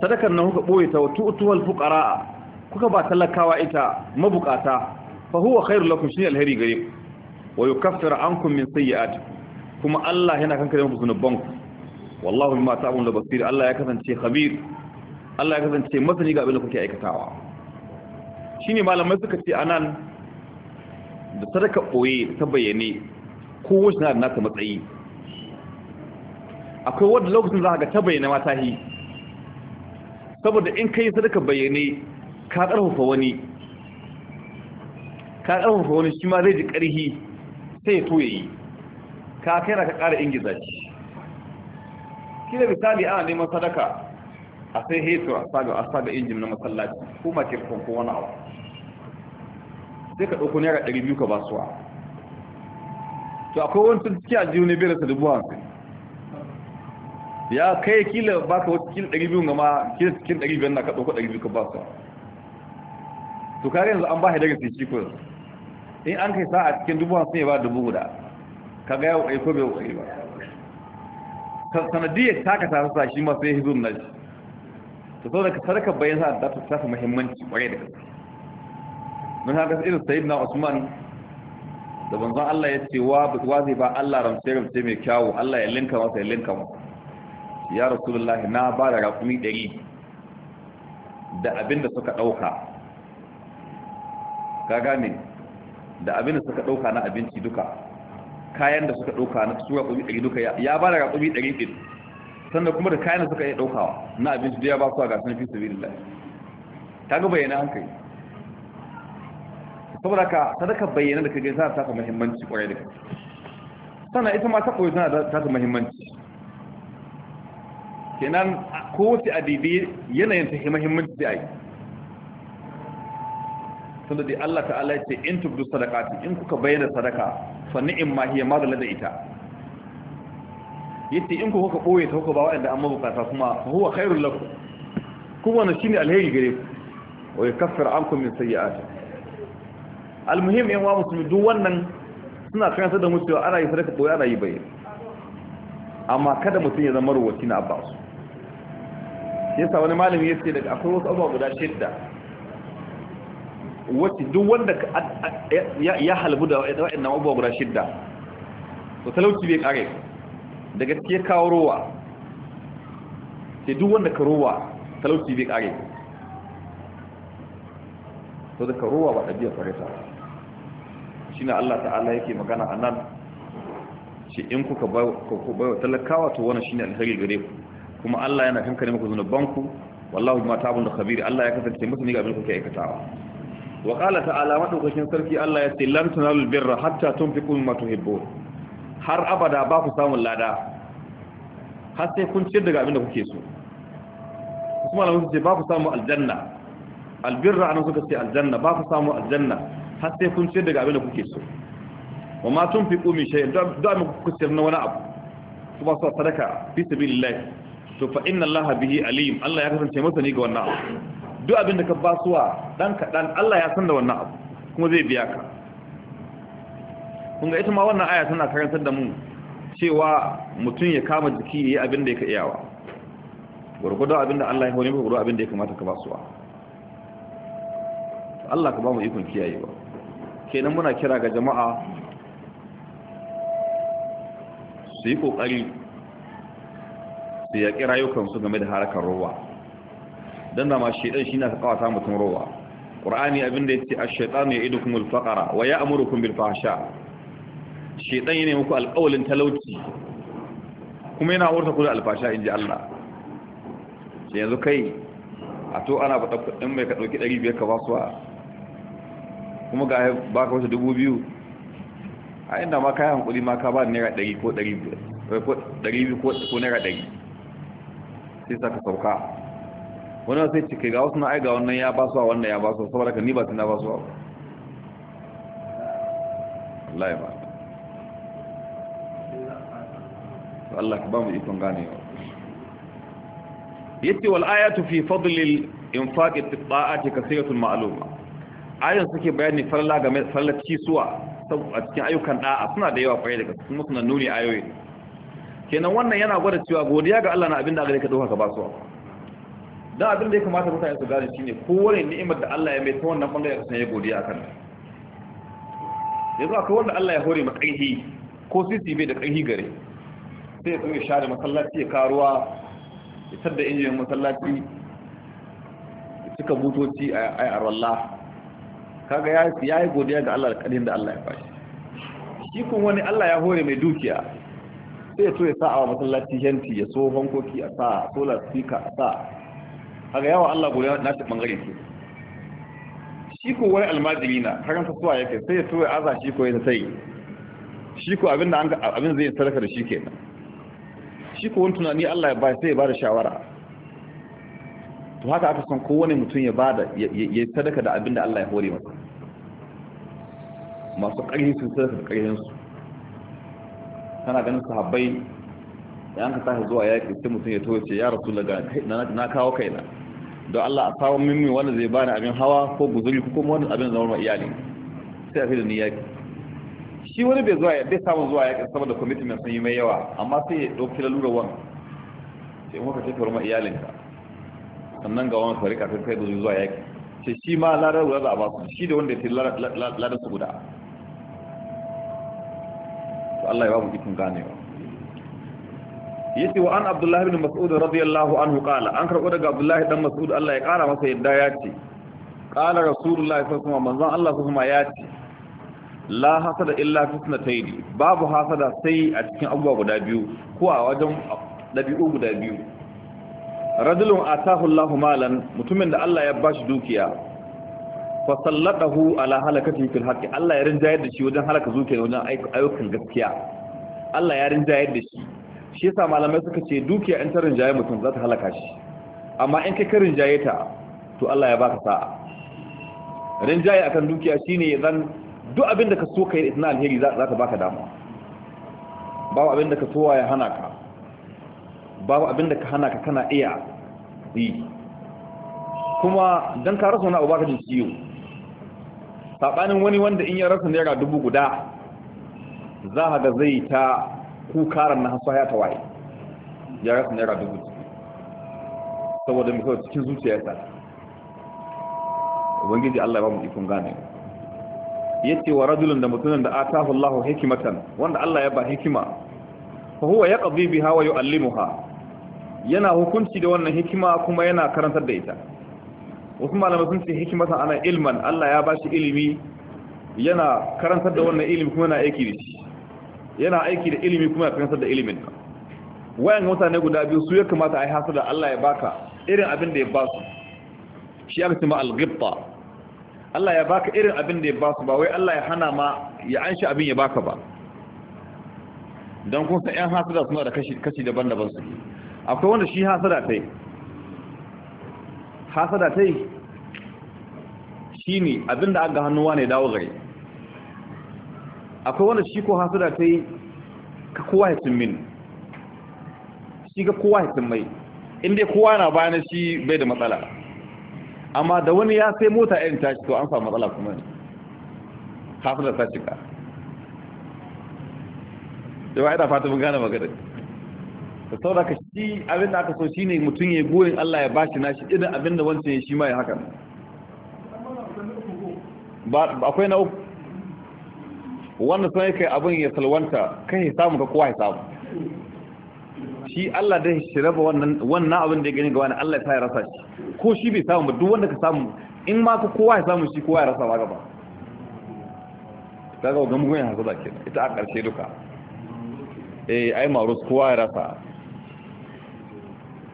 sadakar nan kuka boye ta wa tu'tuwal fuqara kuka ba talakawa ita mabukata fa huwa khairul lakum shi alheri gare ku wa yukaffiru ankum min sayyi'atikum kuma Allah yana kankare muku zunubanku wallahu bima ta'malun basir Allah ya kasance khabir Allah ya kasance masani ga abin da kuke aikatawa shine malamai suka ce anan da sadaka ɓoye ta bayyane ko wasu na da nata matsayi akwai wadda lokacin za ka ta bayyana mata hi saboda in ka yi sadaka bayyane ka ƙarfafa wani ka ƙarfafa wani shi ma zai ji ƙarhi sai ya toye yi ka kai na ka ƙara ingiza shi kila misali ana neman sadaka a sai hetura a saga injin na masallaci ko makirkon ko wani abu sai ka ɗauko naira ɗari biyu ka ba wa. to akwai wani sun ciki aljihu ne bai rasa dubu hamsin ya kai kila ba ka wata kila ɗari biyu gama kila cikin ɗari biyar na ka ɗauko ɗari biyu ka ba wa. to kare yanzu an ba shi daga sai shi kuwa in an kai sa'a cikin dubu hamsin ya ba dubu guda ka ga wa ɗai ko bai ƙwari ba sanadiyar taka ta sa shi masu ya hizo na shi sau da ka sadaka bayan sa'a da ta fi muhimmanci ƙwarai da gaske don haka sai da na usman da banzan allah ya ce wa zai ba allah ramce ramce mai kyawu allah ya linka masa ya linka masa ya rasulullahi na ba da raƙumi ɗari da abinda suka ɗauka ka gane da abinda suka ɗauka na abinci duka kayan da suka ɗauka na su raƙumi ɗari duka ya ba da raƙumi ɗari ɗin sannan kuma da kayan da suka iya ɗaukawa na abinci da ya ba su a gasar fi sabi lillahi ta ga bayyana hankali saboda ka sadaka bayyana da kage tana taka muhimmanci kwarai da gaske sannan ita ma ta koyi tana taka muhimmanci kenan kowace adibi yanayin ta muhimmanci da ai tunda dai Allah ta'ala ya ce in tubdu sadaqati in kuka bayyana sadaka fa ni'imma hiya ma da ita yace in kuka boye ta kuka ba wa'anda an mabukata kuma huwa khairul lakum kuma wannan shine alheri gare ku wa yakaffiru ankum min sayyi'atikum almuhim yan wa musulmi duk wannan suna kansa da mutu ana yi sadaka ko ana yi bayi amma kada mutum ya zama ruwaci na abbas yasa wani malami ya ce daga akwai wasu abubuwa guda shidda wacce duk wanda ya halbu da wa'in nan abubuwa guda shidda to talauci bai kare daga cikin kawo rowa sai duk wanda ka rowa talauci bai kare to da ka rowa ba ɗabi'a farisa ba shine Allah ta'ala yake magana a nan shi in kuka ba ku ba talakawa to wannan shine alheri gare ku kuma Allah yana kankare muku zunuban ku wallahu ma ta'abun da khabir Allah ya kasance muku ne ga abin kuke aikatawa wa qala ta'ala madaukakin sarki Allah ya ce lan tunalul birra hatta tunfiqu mimma tuhibbun har abada ba ku samu lada har sai kun ciyar daga abin da kuke so kuma malamin su ce ba ku samu aljanna albirra anan suka ce aljanna ba ku samu aljanna har sai kun ciyar daga abin da kuke so wa ma tun fi ƙumi shayin da mu kuka ciyar na wani abu su ba su sadaka fi sabilillah to fa inna Allah bihi alim Allah ya kasance masa ni ga wannan abu duk abin da ka ba suwa dan kaɗan Allah ya san da wannan abu kuma zai biya ka kun ga ita ma wannan aya tana karantar da mu cewa mutum ya kama jiki ya yi abin da ya ka iyawa gwargwado abin da Allah ya hau ne gwargwado abin da ya kamata ka ba suwa Allah ka ba mu ikon kiyayewa kenan muna kira ga jama'a su yi ƙoƙari su yaƙi rayukansu game da harakar rowa don dama ɗan shi na ta kawata mutum rowa ƙur'ani abinda ya ce a ne ya idukun mulfaƙara wa ya amurukun bilfasha shaidan yi ne ku alƙawalin talauci kuma yana wurta ku alfasha in ji allah yanzu kai a to ana faɗa kuɗin mai ka ɗauki ɗari biyar ka basuwa kuma ga ba ka wata dubu biyu a inda ma kayan hankuli ma ka ba naira ɗari ko ɗari biyu ko naira ɗari sai sa ka sauka wani wasu cike ga wasu na ai ga wannan ya ba su a wannan ya ba su saboda ka ni ba tana ba su a Allah ya ba Allah ka ba mu ikon ganewa yace wal ayatu fi fadlil infaqi tibba'ati kasiratun ma'luma ayon suke bayani farla game farlar cisuwa a cikin ayyukan da'a suna da yawa kwaye daga sun suna nuni ayoyi kenan wannan yana gwada cewa godiya ga Allah na abin da gare ka dauka ka basuwa dan abin da ya kamata mutane su gane shine wani ni'imar da Allah ya mai ta wannan bangare ka sanya godiya akan yanzu akwai wanda Allah ya hore ma kaihi ko sisi bai da kaihi gare sai ya tsoye share masallaci ya karuwa ya tadda injin masallaci ya cika butoci a ayyar Allah kaga ya yi godiya ga Allah kadin da Allah ya bashi shi kun wani Allah ya hore mai dukiya sai ya so ya sa a masallaci henti ya so bankoki a sa solar speaker a sa kaga yawa Allah godiya na shi bangare shi shi ko wani almajiri na karan suwa yake sai ya so ya aza shi ko ya sai shi ko abin da abin zai sarka da shi kenan shi ko wani tunani Allah ya ba sai ya ba da shawara to haka aka san kowane mutum ya bada ya sadaka da abin da Allah ya hore masa masu ƙarfi sun sarrafa ƙarfinsu kana ganin sahabbai da an ka tashi zuwa yaƙi sai mutum ya toce ya rasu daga na kawo kaina don Allah a sabon mimmi wanda zai bani abin hawa ko guzuri ko kuma wani abin zama ma iyali sai a fi da ni yaƙi shi wani bai zuwa bai samun zuwa yaƙi saboda kwamitin sun yi mai yawa amma sai ya ɗauki lalura wani sai in waka tafi ma iyalinka sannan ga wani farika kai kai zuwa yaƙi sai shi ma ladar guda za a ba su shi da wanda ya fi ladar su guda Allah ya ba mu ikon ganewa yace wa an Abdullah ibn Mas'ud radiyallahu anhu kala an karbo daga Abdullah dan Mas'ud Allah ya kara masa yadda ya ce qala rasulullahi sallallahu alaihi wasallam manzon Allah kuma ya ce la hasada illa fitnatayn babu hasada sai a cikin abuwa guda biyu ko a wajen dabi'u guda biyu radulun atahu Allahu malan mutumin da Allah ya bashi dukiya fasallaɗahu ala halakati fil haqqi Allah ya rinjayar da shi wajen halaka zuke wajen ayyukan gaskiya Allah ya rinjayar da shi shi yasa malamai suka ce dukiya in ta rinjaye mutum za ta halaka shi amma in kai ka rinjaye ta to Allah ya baka sa'a rinjaye akan dukiya shine zan duk abin da ka so kai ina alheri za ta baka dama babu abin da ka so ya hana ka babu abin da ka hana ka kana iya yi kuma dan ka rasa wani abu baka jin ciwo saɓanin wani wanda in ya rasa naira dubu guda za a ga zai ta kukaran na haswa ya ta waye ya rasa naira dubu saboda mai kawai cikin zuciya ya sa ubangiji Allah ya ba mu ikon gane yace wa rajulun da mutunan da atahu Allahu hikmatan wanda Allah ya ba hikima fa huwa yaqdi biha wa yuallimuha yana hukunci da wannan hikima kuma yana karantar da ita wasu malamai sun ce hikimata ana ilman Allah ya bashi ilimi yana karantar da wannan ilimi kuma yana aiki da shi yana aiki da ilimi kuma yana karantar da ilimin ka. wayan mutane guda biyu su ya kamata a yi hasu da Allah ya baka irin abin da ya ba su shi aka cima al-ghibta Allah ya baka irin abin da ya ba su ba wai Allah ya hana ma ya anshi abin ya baka ba Dan kun san 'yan hasada suna da kashi daban-daban su akwai wanda shi hasada tai hasada ta yi shi ne da an ga hannuwa ne dawo gari akwai wanda shi ko hasada ta yi ka kowa ya cin min shi ga kowa ya cin mai inda kowa na bayan shi bai da matsala amma da wani ya sai mota irin tashi to an samu matsala kuma ne hasada ta cika da ba ina fata mun gane magana da sauraka shi abin da aka so shi ne mutum ya goyin Allah ya bashi nashi idan abin da wancan ya shi ma ya haka akwai na uku wanda sun yi kai abin ya salwanta kan ya samu ka kowa ya samu shi Allah da shi raba wannan abin da ya gani ga wani Allah ya rasa shi ko shi bai samu ba duk wanda ka samu in ma ka kowa ya samu shi kowa ya rasa ba gaba ta ga ga mugun ya hasa da ke ita a ƙarshe duka eh ai marus kowa ya rasa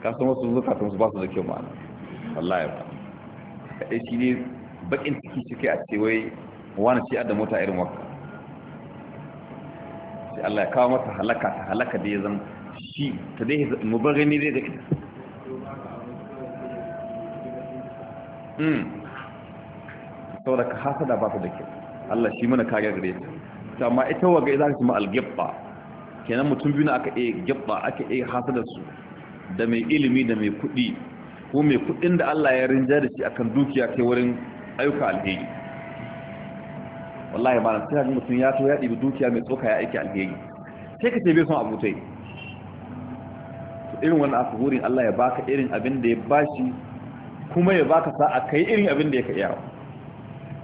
kasan wasu zukatan su ba su da kyau ma'ana ya ba kaɗai shi ne bakin ciki cike a ce wai wani ci da mota irin waka. sai Allah ya kawo mata halaka ta halaka da ya zama shi ta dai mu bar gani dai da ita hmm. saboda ka hasada ba su da kyau Allah shi mana kariya gare ta ma ita waga za ka ma algebba kenan mutum biyu na aka iya gebba aka iya hasada su da mai ilimi da mai kuɗi ko mai kuɗin da Allah ya rinjar da shi a kan dukiya kai wurin ayyuka alheri wallahi na sai ga mutum ya to ya ɗibi dukiya mai tsoka ya aiki alheri sai ka tebe bai son abutai irin wannan aka hurin Allah ya baka irin abin da ya bashi kuma ya baka a kai irin abin da ya ka iya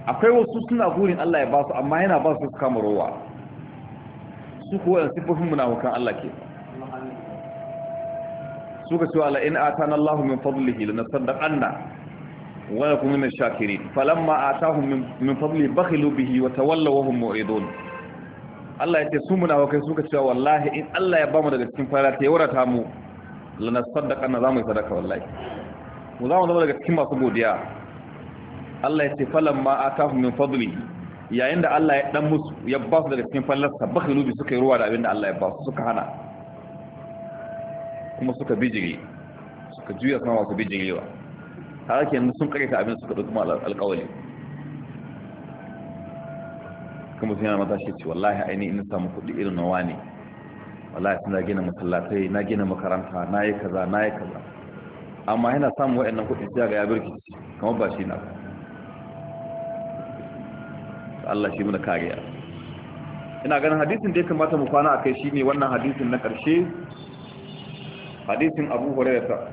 akwai wasu suna hurin Allah ya basu amma yana ba su kama rowa su kuwa yan sifofin munafukan Allah ke suka cewa la in atana Allah min fadlihi lanasaddaqanna wa lakum min ash-shakirin falamma atahum min fadlihi bakhilu bihi wa tawallaw wa hum mu'ridun Allah yace su munafikai suka cewa wallahi in Allah ya bamu daga cikin fara ta yaurata mu lanasaddaqanna zamu yi sadaka wallahi mu zamu zama daga cikin masu godiya Allah yace falamma atahum min fadlihi yayin da Allah ya dan musu ya ba su daga cikin fallarsa bakhilu bi suka yi ruwa da abinda Allah ya ba su suka hana kuma suka bijire suka juya kuma masu bijirewa har ke yanzu sun karita abin suka ɗauki alƙawali kuma sun yana matashi ce wallahi aini ina samu kuɗi irin nawa ne wallahi suna gina masallatai na gina makaranta na yi kaza na yi kaza amma yana samun waɗannan kuɗi sai ga ya birki kamar ba shi na Allah shi muna kariya ina ganin hadisin da ya kamata mu kwana a kai shine wannan hadisin na ƙarshe hadisin abu hurairata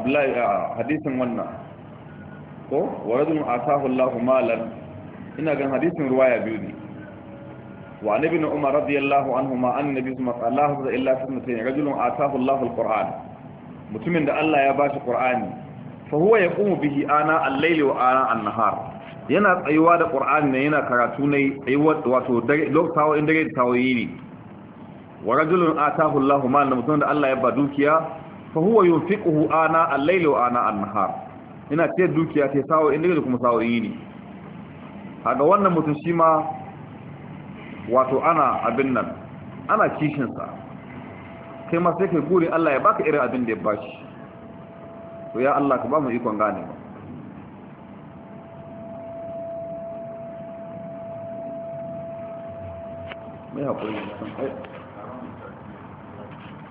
abdullahi hadisin wannan ko wa rajulun Allahu malan ina gan hadisin ruwaya biyu ne wa annabi umar radiyallahu anhu ma annabi kuma Allahu za illa fi mutayn rajulun atahu Allahu alquran mutumin da Allah ya bashi qur'ani fa huwa yaqumu bihi ana al-layli wa ana an-nahar yana tsayuwa da qur'ani ne yana karatu ne tsayuwa wato dare lokacin dare da tawayi ne wa rajulun atahu Allahu mal mutum da Allah ya ba dukiya fa huwa yunfiquhu ana al-layli wa ana an-nahar ina ce dukiya ce sawo inda da kuma sawo yini haka wannan mutum shi ma wato ana abin nan ana kishin sa kai ma sai kai guri Allah ya baka irin abin da ya bashi to ya Allah ka ba mu ikon gane ba mai haƙuri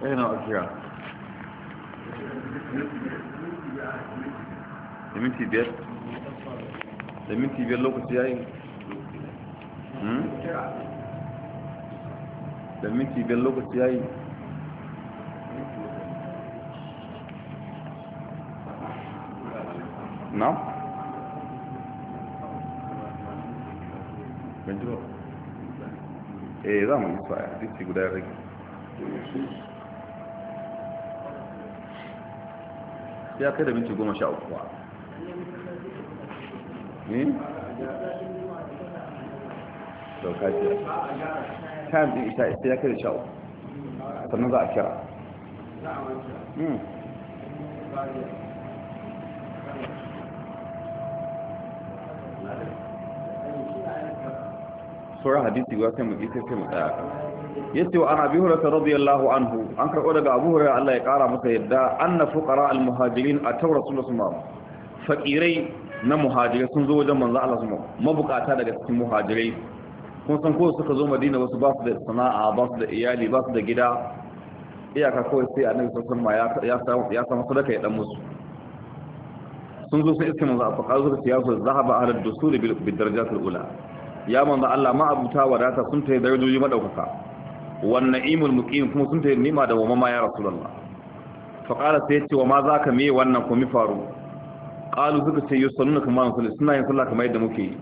yana ajira da minti biyar da minti biyar lokaci yayi hmm? da minti biyar lokaci na? benji eh za mu yi tsaya duk guda ya rage ya kai da minti goma sha uku saukaciya hmm? time din ita ita ya kai da sha uku sannan za a kira hmm. sauran hadisi ba sai mu isa sai mu tsaya yace wa an abi hurairah radiyallahu anhu an karbo daga abu hurairah Allah ya kara masa yadda anna fuqara al muhajirin ataw rasulullah sallallahu faqirai na muhajirai sun zo wajen manzo Allah sallallahu mabukata daga cikin muhajirai kun san ko suka zo Madina wasu ba su da sana'a ba su da iyali ba su da gida iyaka kawai sai annabi sallallahu alaihi wasallam ya ya samu sadaka ya dan musu sun zo sai iska manzo a faqaru da siyasa zahaba ahlud dusul bil darajat al ula ya manzo Allah ma abuta wadata sun tayi darajoji madaukaka wan na'imul muqim kuma sun tayi nima da wamma ya rasulullah fa qala sai yace wa ma zaka me wannan ko mi faru qalu suka ce yusalluna kama sun suna yin sallah kamar yadda muke yi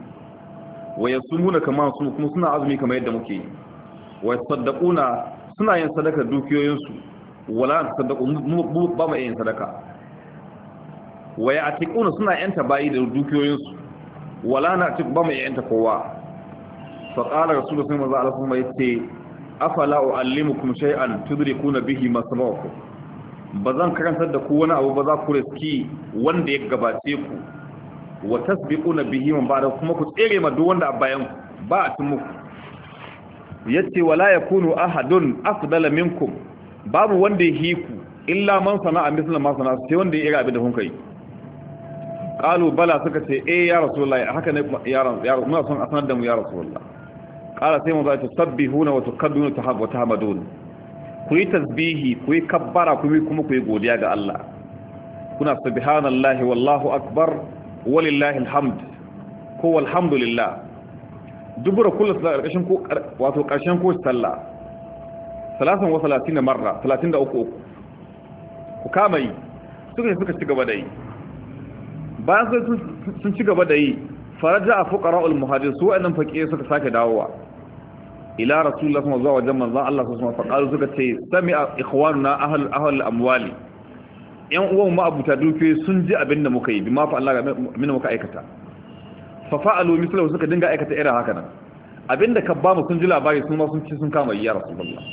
wa yasumuna kama sun kuma suna azumi kamar yadda muke yi wa yasaddaquna suna yin sadaka dukiyoyin su wala sadaqu ba ma yin sadaka wa ya'tiquna suna yanta bayi da dukiyoyin su wala na ba ma yanta kowa faƙalar rasulun sun maza alasun mai ce afala o allimukum shay'an tudrikuna bihi ma sabaku ba zan karantar da ku wani abu ba za ku riski wanda ya gabace ku wa tasbi tasbiquna bihi man da kuma ku tsere ma duk wanda a bayan ba a cin muku Ya yace wala yakunu ahadun afdala minkum babu wanda ya hiku illa man sana'a mislan ma sana'a sai wanda ya ira abin da kun kai qalu bala suka ce eh ya rasulullahi haka ne ya ya muna son a sanar da mu ya rasulullahi ƙara sai maza ta sabbi huna wata kabbinu ta hamadun ku yi tasbihi ku yi kabbara kuma kuma ku yi godiya ga Allah kuna subhanallahi wallahu akbar walillahi alhamd ko walhamdulillah dubura kullu sallah ƙarshen ko wato ƙarshen ko sallah salasan wa salatin marra 33 uku ku kama yi suka suka ci gaba da yi bayan sun ci gaba da yi faraja a fuƙara al-muhajir su wa'annan faƙi suka sake dawowa ila rasulullah kuma zuwa wajen manzan Allah su kuma faƙaru suka ce sami a ikhwanuna ahal ahal amwali yan uwan mu abuta dukiyoyi sun ji abin da muka yi bi ma fa Allah min muka aikata fa fa'alu mislahu suka dinga aikata irin haka nan abinda ka ba mu sun ji labari sun ma sun ci sun kama ya rasulullah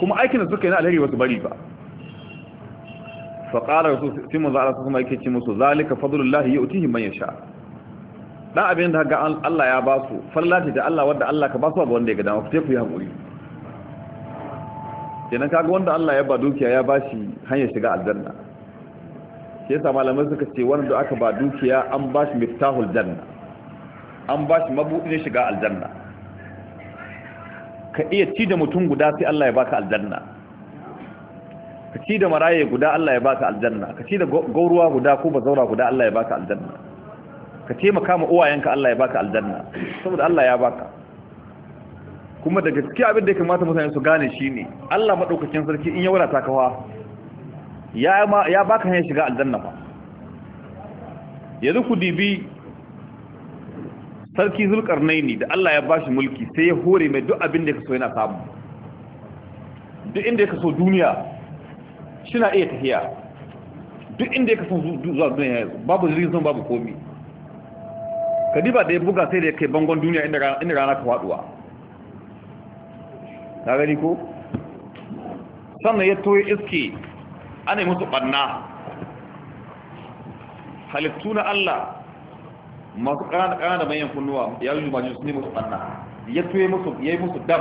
kuma aikin da suka yi na alheri wasu bari ba fa qala rasul sai manzan Allah su kuma yake ce musu zalika fadlullahi yu'tihi man yasha' dan abin da ga Allah ya ba su farlati da Allah wanda Allah ka ba su ga wanda ya ga dama ku ku yi hakuri kenan kaga wanda Allah ya ba dukiya ya ba shi hanyar shiga aljanna shi yasa malamai suka ce wanda aka ba dukiya an ba shi miftahul janna an ba shi mabudin shiga aljanna ka iya ci da mutum guda sai Allah ya baka aljanna ka ci da maraye guda Allah ya baka aljanna ka ci da gauruwa guda ko bazaura guda Allah ya baka aljanna ka taimaka ma uwayenka Allah ya baka aljanna saboda Allah ya baka kuma da gaskiya abin da ya kamata mutane su gane shi ne Allah madaukakin sarki in ya wadata kawa ya baka hanyar shiga aljanna fa yanzu ku dibi sarki zulkarnaini da Allah ya bashi mulki sai ya hore mai duk abin da ya kaso yana samu duk inda ya kaso duniya shi na iya tafiya duk inda ya kaso zuwa duniya babu jirgin babu komi kadiba da ya buga sai da ya kai bangon duniya inda rana ka faduwa ta gani ko sannan ya toye iske ana yi musu ɓanna halittu na Allah masu ƙana da manyan kunnuwa ya yi su ne musu ɓanna ya toye musu ya yi musu dam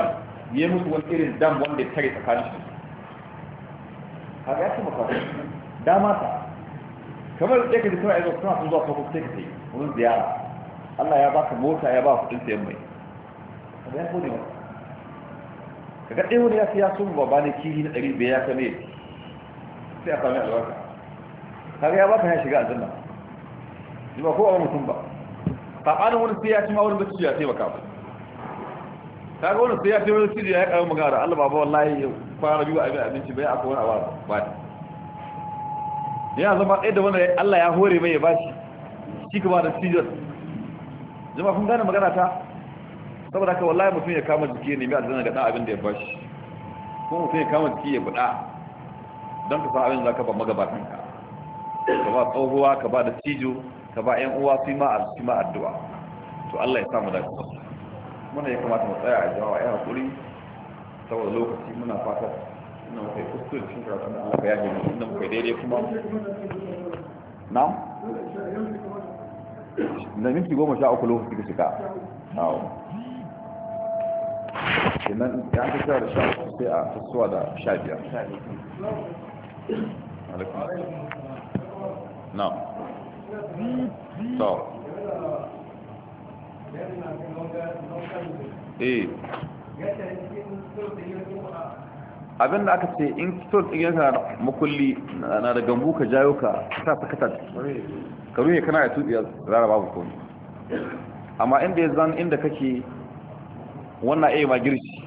ya yi musu wani irin dam wanda ya tare tsakanin shi haka ya ce maka dama kamar da ya ke kawai ya suna sun zuwa kwakwakwai ka sai ziyara Allah ya baka mota ya ba kudin sayan mai kaga ya gode maka kaga ɗaya wani ya fi ya sun ba ne kiri na ɗari biyar ya kame sai a sami albarka kaga ya baka ya shiga aljanna ji ba ko a mutum ba saɓanin wani sai ya ci ma wani bacci ya taimaka ba kaga wani sai ya fi wani sirri ya kawo magana Allah baba wallahi fara biyu a abin abinci bai akwai wani abu ba ne yana zama ɗaya da wani Allah ya hore mai ya bashi shi kuma da sirri jama'a kun gane magana ta saboda haka wallahi mutum ya kama jiki ya nemi zana ga dan abin da ya bashi ko mutum ya kama jiki ya buɗa don ka san abin da zaka ba magabatan ka ka ba tsohuwa ka ba da cijo ka ba yan uwa su ma su ma addu'a to Allah ya samu da ku muna ya kamata mu tsaya a jama'a ya hakuri saboda lokaci muna fata ina kai kuskure cikin karatu Allah ka yaje mu inda daidai kuma na'am na minti goma sha uku lokaci ka shiga awo ya fi da sha uku sai a fasuwa da sha biyar na so eh abin da aka ce in store din yana makulli na da gambu ka jayo ka sa ta kata ka ruhe kana ya tubiya zara babu komai amma inda ya zan inda kake wannan ai ma girki